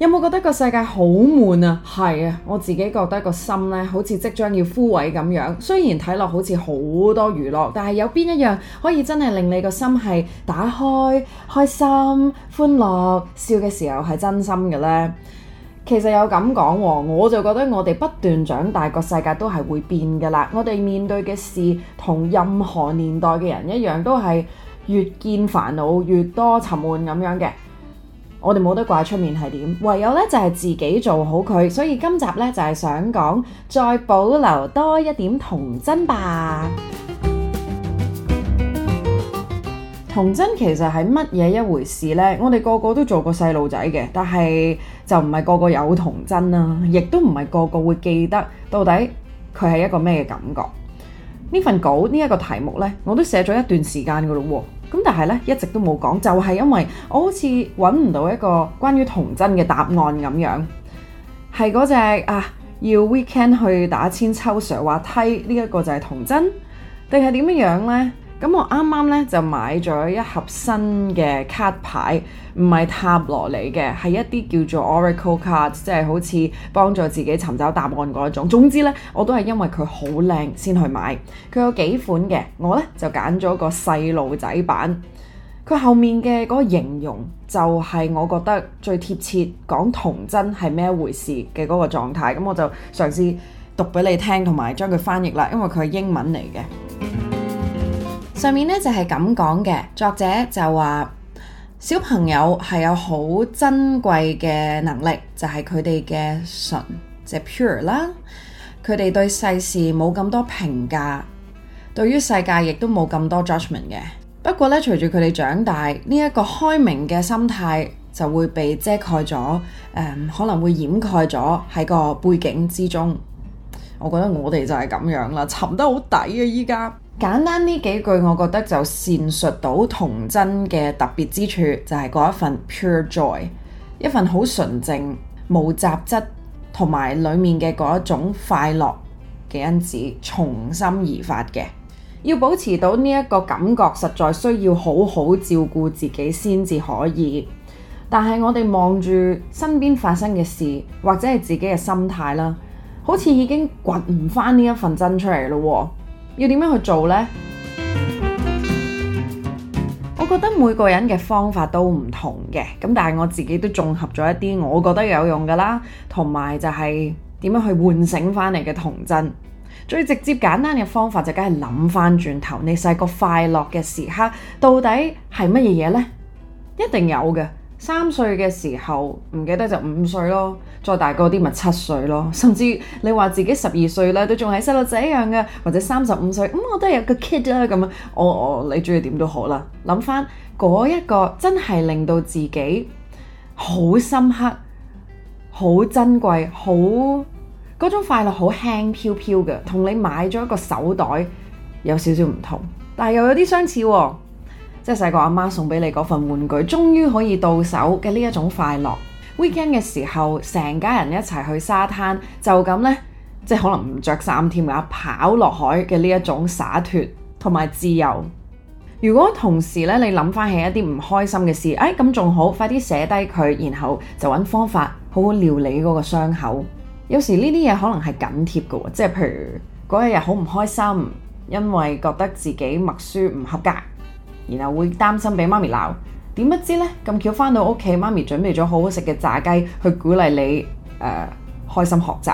有冇覺得個世界好悶啊？係啊，我自己覺得個心呢，好似即將要枯萎咁樣。雖然睇落好似好多娛樂，但係有邊一樣可以真係令你個心係打開、開心、歡樂、笑嘅時候係真心嘅呢？其實有咁講，我就覺得我哋不斷長大，個世界都係會變噶啦。我哋面對嘅事，同任何年代嘅人一樣，都係越見煩惱越多沉悶咁樣嘅。我哋冇得怪出面係點，唯有呢就係自己做好佢。所以今集呢，就係想講，再保留多一點童真吧。童真其實係乜嘢一回事呢？我哋個個都做過細路仔嘅，但係就唔係個個有童真啦，啊，亦都唔係個個會記得到底佢係一個咩嘅感覺。呢份稿呢一個題目呢，我都寫咗一段時間噶咯喎。係咧，一直都冇講，就係因為我好似揾唔到一個關於童真嘅答案咁樣，係嗰隻啊，要 weekend 去打千秋上滑梯呢一個就係童真，定係點樣樣呢？咁我啱啱呢就買咗一盒新嘅卡牌，唔係塔羅嚟嘅，係一啲叫做 Oracle 卡，即係好似幫助自己尋找答案嗰一種。總之呢，我都係因為佢好靚先去買。佢有幾款嘅，我呢就揀咗個細路仔版。佢後面嘅嗰個形容就係我覺得最貼切講童真係咩一回事嘅嗰個狀態。咁我就嘗試讀俾你聽，同埋將佢翻譯啦，因為佢係英文嚟嘅。上面咧就係咁講嘅，作者就話小朋友係有好珍貴嘅能力，就係佢哋嘅純，即係 pure 啦，佢哋對世事冇咁多評價，對於世界亦都冇咁多 judgment 嘅。不過咧，隨住佢哋長大，呢、這、一個開明嘅心態就會被遮蓋咗，誒、呃，可能會掩蓋咗喺個背景之中。我覺得我哋就係咁樣啦，沉得好底啊！依家。簡單呢幾句，我覺得就闡述到童真嘅特別之處，就係嗰一份 pure joy，一份好純正、冇雜質同埋裏面嘅嗰一種快樂嘅因子，從心而發嘅。要保持到呢一個感覺，實在需要好好照顧自己先至可以。但係我哋望住身邊發生嘅事，或者係自己嘅心態啦，好似已經掘唔翻呢一份真出嚟咯。要點樣去做呢？ 我覺得每個人嘅方法都唔同嘅，咁但係我自己都綜合咗一啲我覺得有用㗎啦，同埋就係點樣去喚醒翻嚟嘅童真。 最直接簡單嘅方法就梗係諗翻轉頭，你細個快樂嘅時刻到底係乜嘢嘢呢？一定有嘅。三歲嘅時候唔記得就五歲咯再大個啲咪七歲咯，甚至你話自己十二歲咧，都仲係細路仔一樣嘅，或者三十五歲咁、嗯，我都係有個 kid 啦咁啊，我我、哦哦、你中意點都好啦。諗翻嗰一個真係令到自己好深刻、好珍貴、好嗰種快樂好輕飄飄嘅，同你買咗一個手袋有少少唔同，但係又有啲相似。即係細個阿媽送俾你嗰份玩具，終於可以到手嘅呢一種快樂。Weekend 嘅時候，成家人一齊去沙灘，就咁呢，即係可能唔着衫添噶，跑落海嘅呢一種灑脫同埋自由。如果同時呢，你諗翻起一啲唔開心嘅事，哎，咁仲好，快啲寫低佢，然後就揾方法好好料理嗰個傷口。有時呢啲嘢可能係緊貼噶，即係譬如嗰一日好唔開心，因為覺得自己默書唔合格。然後會擔心俾媽咪鬧，點不知呢？咁巧翻到屋企，媽咪準備咗好好食嘅炸雞去鼓勵你誒、呃、開心學習，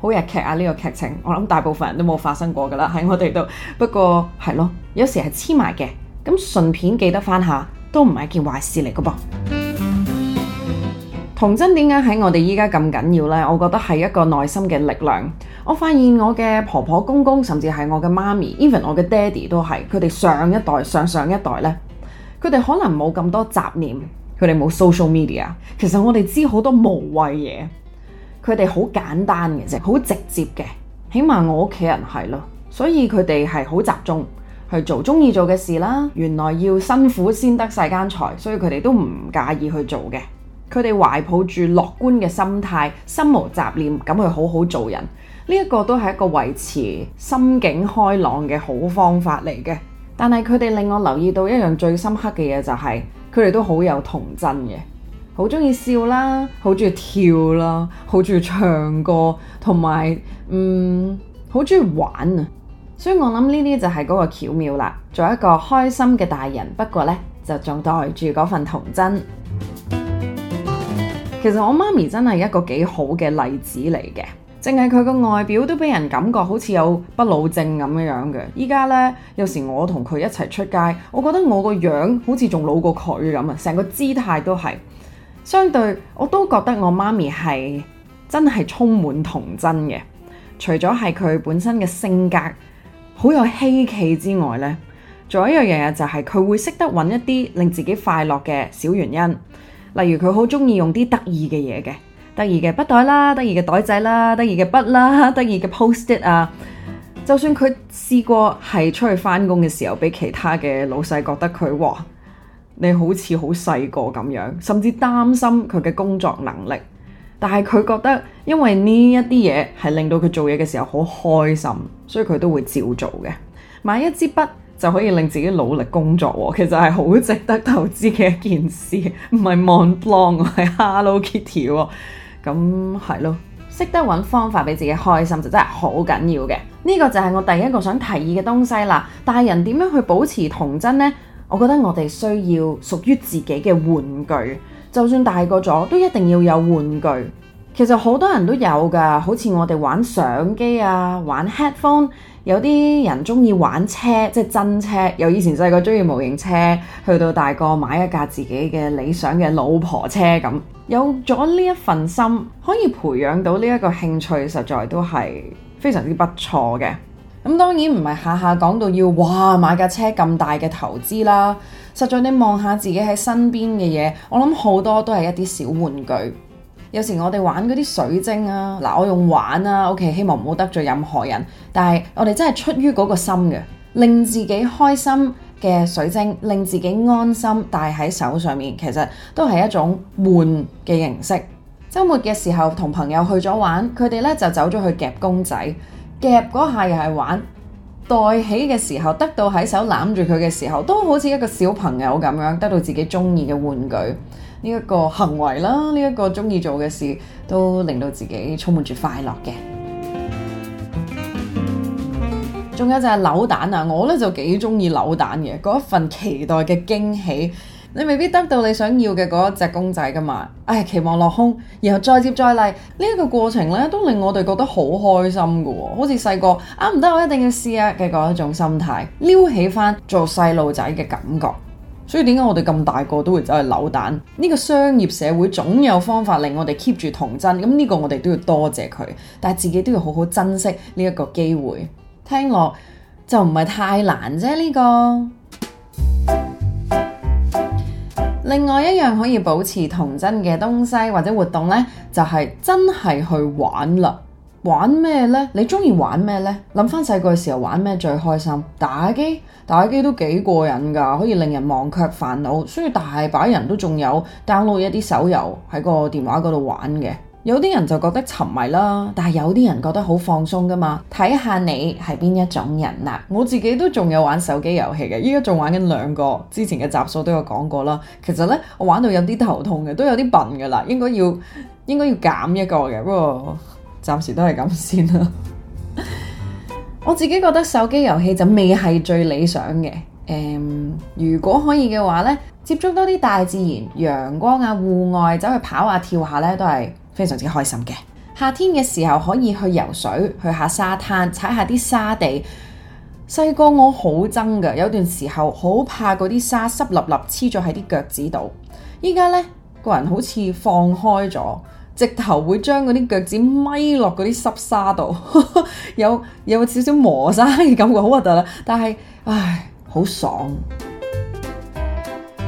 好日劇啊呢、呢個劇情，我諗大部分人都冇發生過噶啦喺我哋度，不過係咯，有時係黐埋嘅，咁順便記得翻下都唔係一件壞事嚟噶噃。童真點解喺我哋依家咁緊要呢？我覺得係一個內心嘅力量。我發現我嘅婆婆公公，甚至係我嘅媽咪，even 我嘅爹哋都係，佢哋上一代、上上一代呢，佢哋可能冇咁多雜念，佢哋冇 social media。其實我哋知好多無謂嘢，佢哋好簡單嘅啫，好直接嘅。起碼我屋企人係咯，所以佢哋係好集中去做中意做嘅事啦。原來要辛苦先得世間財，所以佢哋都唔介意去做嘅。佢哋懷抱住樂觀嘅心態，心無雜念，咁去好好做人。呢一個都係一個維持心境開朗嘅好方法嚟嘅。但係佢哋令我留意到一樣最深刻嘅嘢，就係，就係佢哋都好有童真嘅，好中意笑啦，好中意跳啦，好中意唱歌，同埋嗯，好中意玩啊！所以我諗呢啲就係嗰個巧妙啦。做一個開心嘅大人，不過呢，就仲帶住嗰份童真。其實我媽咪真係一個幾好嘅例子嚟嘅，淨係佢個外表，都俾人感覺好似有不老症咁樣樣嘅。依家呢，有時我同佢一齊出街，我覺得我個樣好似仲老過佢咁啊，成個姿態都係相對。我都覺得我媽咪係真係充滿童真嘅，除咗係佢本身嘅性格好有希奇之外呢，仲有一樣嘢就係佢會識得揾一啲令自己快樂嘅小原因。例如佢好中意用啲得意嘅嘢嘅，得意嘅筆袋啦，得意嘅袋仔啦，得意嘅筆啦，得意嘅 post-it 啊。就算佢試過係出去返工嘅時候，俾其他嘅老細覺得佢，哇，你好似好細個咁樣，甚至擔心佢嘅工作能力。但係佢覺得，因為呢一啲嘢係令到佢做嘢嘅時候好開心，所以佢都會照做嘅。買一支筆。就可以令自己努力工作喎，其實係好值得投資嘅一件事，唔係 m o n l o n g 係 Hello Kitty 喎。哦，咁係咯，識得揾方法俾自己開心就真係好緊要嘅。呢、這個就係我第一個想提議嘅東西啦。大人點樣去保持童真呢？我覺得我哋需要屬於自己嘅玩具，就算大個咗都一定要有玩具。其實好多人都有噶，好似我哋玩相機啊，玩 headphone。有啲人中意玩車，即係真車。由以前細個中意模型車，去到大個買一架自己嘅理想嘅老婆車咁。有咗呢一份心，可以培養到呢一個興趣，實在都係非常之不錯嘅。咁當然唔係下下講到要哇買架車咁大嘅投資啦。實在你望下自己喺身邊嘅嘢，我諗好多都係一啲小玩具。有時我哋玩嗰啲水晶啊，嗱，我用玩啊，OK，希望唔好得罪任何人。但係我哋真係出於嗰個心嘅，令自己開心嘅水晶，令自己安心戴喺手上面，其實都係一種玩嘅形式。周末嘅時候同朋友去咗玩，佢哋咧就走咗去夾公仔，夾嗰下又係玩，戴起嘅時候得到喺手攬住佢嘅時候，都好似一個小朋友咁樣得到自己中意嘅玩具。呢一個行為啦，呢一個中意做嘅事都令到自己充滿住快樂嘅。仲有就係扭蛋啊，我咧就幾中意扭蛋嘅嗰一份期待嘅驚喜。你未必得到你想要嘅嗰一隻公仔噶嘛？唉，期望落空，然後再接再厲。呢一個過程咧，都令我哋覺得好開心噶喎，好似細個，啊唔得，我一定要試啊嘅嗰一種心態，撩起翻做細路仔嘅感覺。所以點解我哋咁大個都會走去扭蛋？呢個商業社會總有方法令我哋 keep 住童真，咁呢個我哋都要多謝佢，但係自己都要好好珍惜呢一個機會。聽落就唔係太難啫，呢個。另外一樣可以保持童真嘅東西或者活動呢，就係真係去玩啦。玩咩呢？你中意玩咩呢？諗翻細個嘅時候玩咩最開心？打機，打機都幾過癮噶可以令人忘卻煩惱。所以大把人都仲有 download 一啲手遊喺個電話嗰度玩嘅。有啲人就覺得沉迷啦，但係有啲人覺得好放鬆噶嘛。睇下你係邊一種人啦、啊。我自己都仲有玩手機遊戲嘅，依家仲玩緊兩個，之前嘅集數都有講過啦。其實呢，我玩到有啲頭痛嘅，都有啲笨噶啦，應該要應該要減一個嘅，不過，暫時都係咁先啦。 我自己覺得手機遊戲就未係最理想嘅。誒、um，如果可以嘅話呢，接觸多啲大自然，陽光啊、戶外，走去跑下、啊、跳下呢，都係非常之開心嘅。夏天嘅時候可以去游水、去下沙灘、踩下啲沙地。細個我好憎㗎，有段時候好怕嗰啲沙濕粒粒黐咗喺啲腳趾度。依家呢個人好似放開咗。直頭會將嗰啲腳趾咪落嗰啲濕沙度， 有有少少磨砂嘅感覺，好核突啦！但係唉，好爽，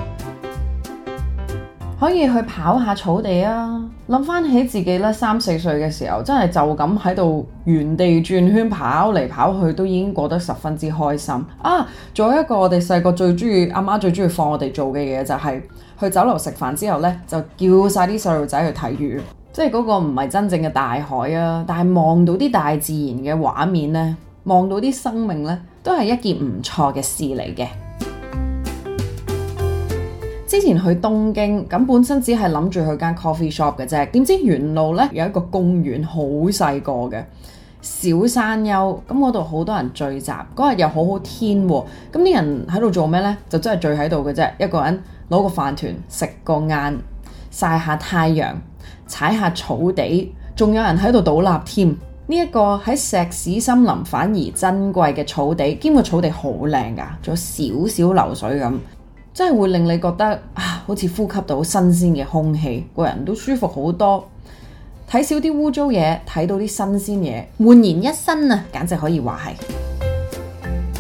可以去跑下草地啊！諗翻起自己咧三四歲嘅時候，真係就咁喺度原地轉圈跑嚟跑去，都已經過得十分之開心啊！仲有一個我，我哋細個最中意阿媽最中意放我哋做嘅嘢，就是，就係去酒樓食飯之後呢，就叫晒啲細路仔去睇魚。即係嗰個唔係真正嘅大海啊！但係望到啲大自然嘅畫面呢，望到啲生命呢，都係一件唔錯嘅事嚟嘅。 之前去東京咁，本身只係諗住去間 coffee shop 嘅啫，點知沿路呢，有一個公園，好細個嘅小山丘，咁嗰度好多人聚集。嗰日又好好天啊，咁啲人喺度做咩呢？就真係聚喺度嘅啫，一個人攞個飯團食個晏，曬下太陽。踩下草地，仲有人喺度倒立添。呢、這、一個喺石屎森林反而珍貴嘅草地，兼個草地好靚噶，仲有少少流水咁，真係會令你覺得啊，好似呼吸到新鮮嘅空氣，個人都舒服好多。睇少啲污糟嘢，睇到啲新鮮嘢，煥然一新啊，簡直可以話係。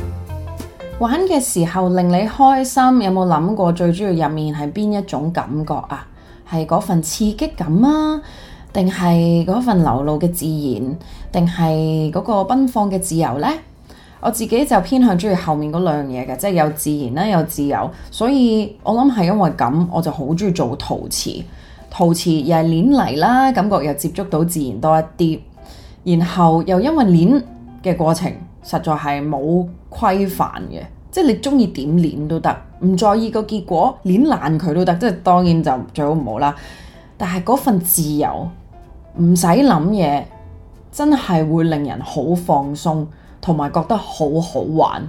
玩嘅時候令你開心，有冇諗過最主要入面係邊一種感覺啊？係嗰份刺激感啊，定係嗰份流露嘅自然，定係嗰個奔放嘅自由呢？我自己就偏向中意後面嗰兩樣嘢嘅，即係有自然啦，有自由，所以我諗係因為咁，我就好中意做陶瓷，陶瓷又係捻泥啦，感覺又接觸到自然多一啲，然後又因為捻嘅過程實在係冇規範嘅。即係你中意點捻都得，唔在意個結果，捻爛佢都得。即係當然就最好唔好啦。但係嗰份自由，唔使諗嘢，真係會令人好放鬆，同埋覺得好好玩。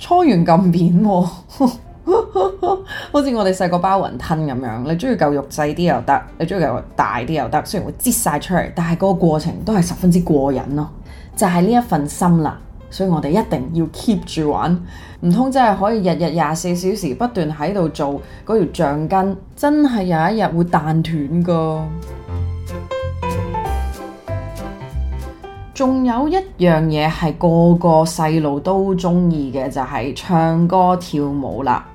搓完咁扁、喔， 好似我哋細個包雲吞咁樣。你中意嚿肉細啲又得，你中意嚿肉大啲又得。雖然會擠晒出嚟，但係個過程都係十分之過癮咯、喔。就係、是、呢一份心啦。所以我哋一定要 keep 住玩，唔通真係可以日日廿四小時不斷喺度做，嗰條橡筋真係有一日會彈斷㗎。仲 有一樣嘢係個個細路都鍾意嘅，就係、是、唱歌跳舞啦。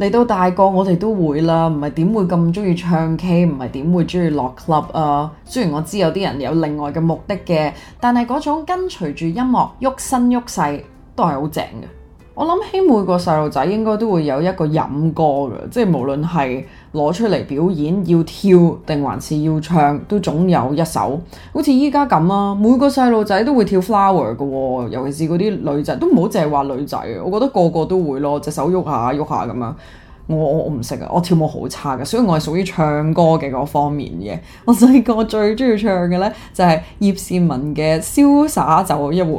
嚟到大個，我哋都會啦，唔係點會咁中意唱 K，唔係點會中意落 club 啊！雖然我知有啲人有另外嘅目的嘅，但係嗰種跟隨住音樂喐身喐勢都係好正嘅。我諗起每個細路仔應該都會有一個飲歌嘅，即係無論係攞出嚟表演要跳定，還是要唱，都總有一首。好似依家咁啊，每個細路仔都會跳 flower 嘅喎，尤其是嗰啲女仔，都唔好淨係話女仔。我覺得個個都會咯，隻手喐下喐下咁樣。我我唔識啊，我跳舞好差嘅，所以我係屬於唱歌嘅嗰方面嘅。我細個最中意唱嘅呢，就係葉倩文嘅《瀟灑走一回》。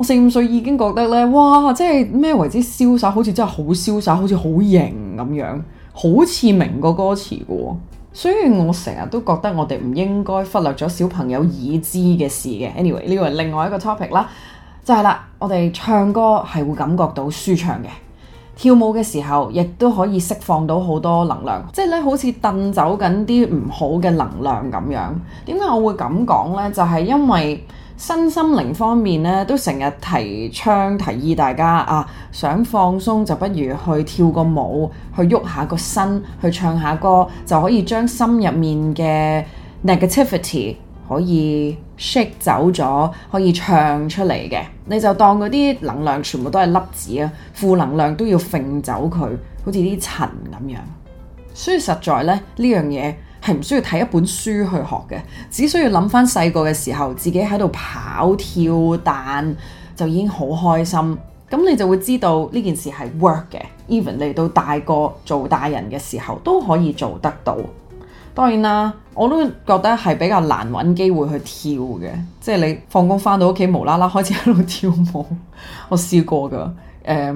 我四五歲已經覺得呢，哇！即係咩為之瀟灑，好似真係好瀟灑，好似好型咁樣，好似明個歌詞嘅。所以我成日都覺得我哋唔應該忽略咗小朋友已知嘅事嘅。Anyway，呢個係另外一個 topic 啦，就係啦，我哋唱歌係會感覺到舒暢嘅，跳舞嘅時候亦都可以釋放到好多能量，即係咧好似掟走緊啲唔好嘅能量咁樣。點解我會咁講呢？就係因為。身心靈方面咧，都成日提倡提議大家啊，想放鬆就不如去跳個舞，去喐下個身，去唱下歌，就可以將心入面嘅 negativity 可以 shake 走咗，可以唱出嚟嘅。你就當嗰啲能量全部都係粒子啊，負能量都要揈走佢，好似啲塵咁樣。所以實在咧，呢樣嘢。唔需要睇一本書去學嘅，只需要諗返細個嘅時候自己喺度跑跳彈，就已經好開心。咁你就會知道呢件事係 work 嘅。even 嚟到大個做大人嘅時候都可以做得到。當然啦，我都覺得係比較難搵機會去跳嘅。即係你放工返到屋企無啦啦開始喺度跳舞，我試過㗎。誒，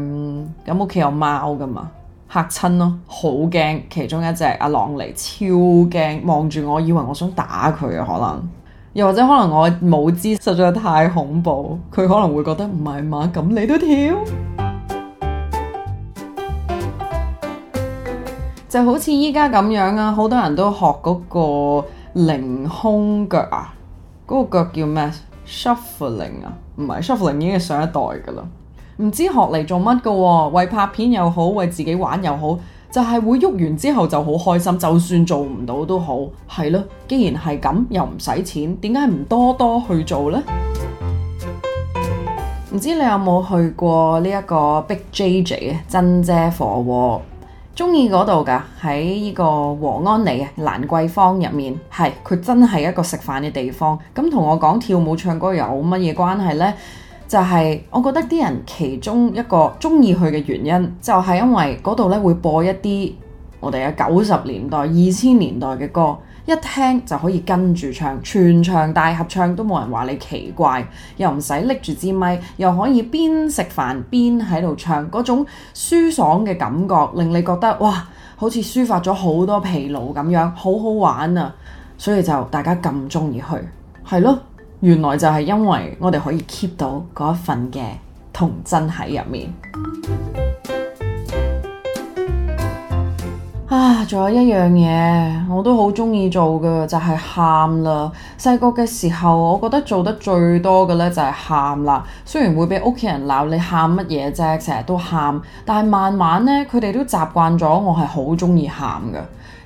咁屋企有貓㗎嘛？嚇親咯，好驚！其中一隻阿朗尼超驚，望住我以為我想打佢啊，可能又或者可能我舞姿，實在太恐怖，佢可能會覺得唔係嘛，咁 你都跳， 就好似依家咁樣啊！好多人都學嗰個凌空腳啊，嗰、嗰個腳叫咩？Shuffling 啊，唔係 Shuffling Sh 已經係上一代噶啦。唔知學嚟做乜噶，哦，為拍片又好，為自己玩又好，就係、是、會喐完之後就好開心，就算做唔到都好，係咯。既然係咁，又唔使錢，點解唔多多去做呢？唔知你有冇去過呢一個 Big JJ 啊？珍姐火鍋，中意嗰度噶，喺呢個和安里啊蘭桂坊入面，係佢真係一個食飯嘅地方。咁同我講跳舞唱歌有乜嘢關係呢？就係，我覺得啲人其中一個中意去嘅原因，就係因為嗰度咧會播一啲我哋嘅九十年代、二千年代嘅歌，一聽就可以跟住唱，全場大合唱都冇人話你奇怪，又唔使拎住支咪，又可以邊食飯邊喺度唱，嗰種舒爽嘅感覺令你覺得哇，好似抒發咗好多疲勞咁樣，好好玩啊！所以就大家咁中意去，係咯。原來就係因為我哋可以 keep 到嗰一份嘅童真喺入面。啊，仲有一樣嘢我都好鍾意做嘅就係喊啦。細個嘅時候，我覺得做得最多嘅呢就係喊啦。雖然會俾屋企人鬧你喊乜嘢啫，成日都喊，但係慢慢呢，佢哋都習慣咗我係好鍾意喊嘅。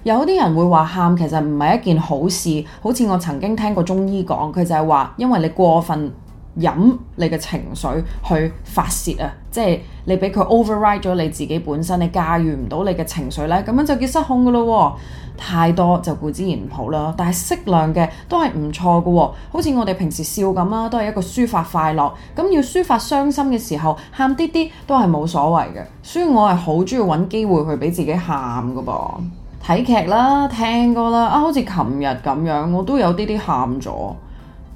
有啲人會話喊，其實唔係一件好事。好似我曾經聽過中醫講，佢就係話，因為你過分飲你嘅情緒去發泄啊，即係你俾佢 override 咗你自己本身，你駕馭唔到你嘅情緒呢，咁樣就叫失控噶咯喎。太多就固之然唔好啦，但係適量嘅都係唔錯噶。好似我哋平時笑咁啦，都係一個抒發快樂。咁要抒發傷心嘅時候，喊啲啲都係冇所謂嘅。所以我係好中意揾機會去俾自己喊噶噃。睇劇啦，聽歌啦，啊，好似琴日咁樣，我都有啲啲喊咗、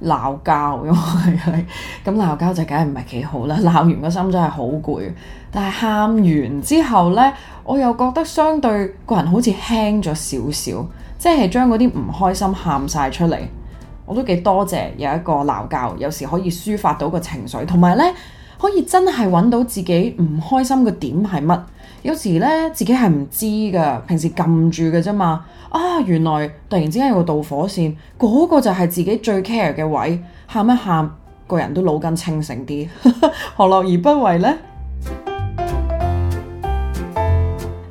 鬧交，因為係咁鬧交就梗係唔係幾好啦。鬧完個心真係好攰，但係喊完之後呢，我又覺得相對個人好似輕咗少少，即係將嗰啲唔開心喊晒出嚟，我都幾多謝有一個鬧交，有時可以抒發到個情緒，同埋呢，可以真係揾到自己唔開心嘅點係乜。有時呢，自己係唔知㗎，平時撳住嘅啫嘛。啊，原來突然之間有個導火線，嗰個就係自己最 care 嘅位，喊一喊，個人都腦筋清醒啲， 何樂而不為呢？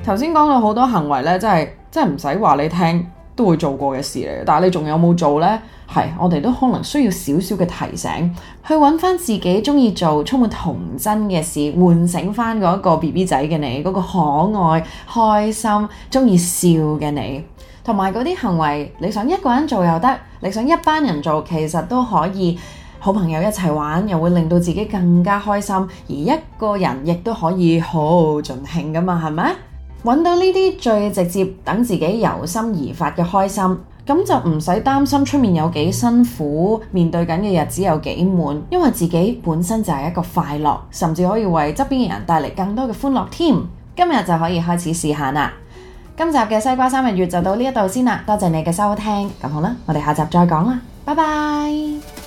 頭先講到好多行為呢，真係，真係唔使話你聽。都會做過嘅事嚟，但係你仲有冇做呢？係我哋都可能需要少少嘅提醒，去揾翻自己中意做充滿童真嘅事，喚醒翻嗰一個 BB 仔嘅你，嗰個可愛、開心、中意笑嘅你，同埋嗰啲行為，你想一個人做又得，你想一班人做其實都可以，好朋友一齊玩又會令到自己更加開心，而一個人亦都可以好盡興噶嘛，係咪？揾到呢啲最直接等自己由心而發嘅開心，咁就唔使擔心出面有幾辛苦，面對緊嘅日子有幾悶，因為自己本身就係一個快樂，甚至可以為側邊嘅人帶嚟更多嘅歡樂添。今日就可以開始試下啦。今集嘅西瓜三日月就到呢一度先啦，多謝你嘅收聽，咁好啦，我哋下集再講啦，拜拜。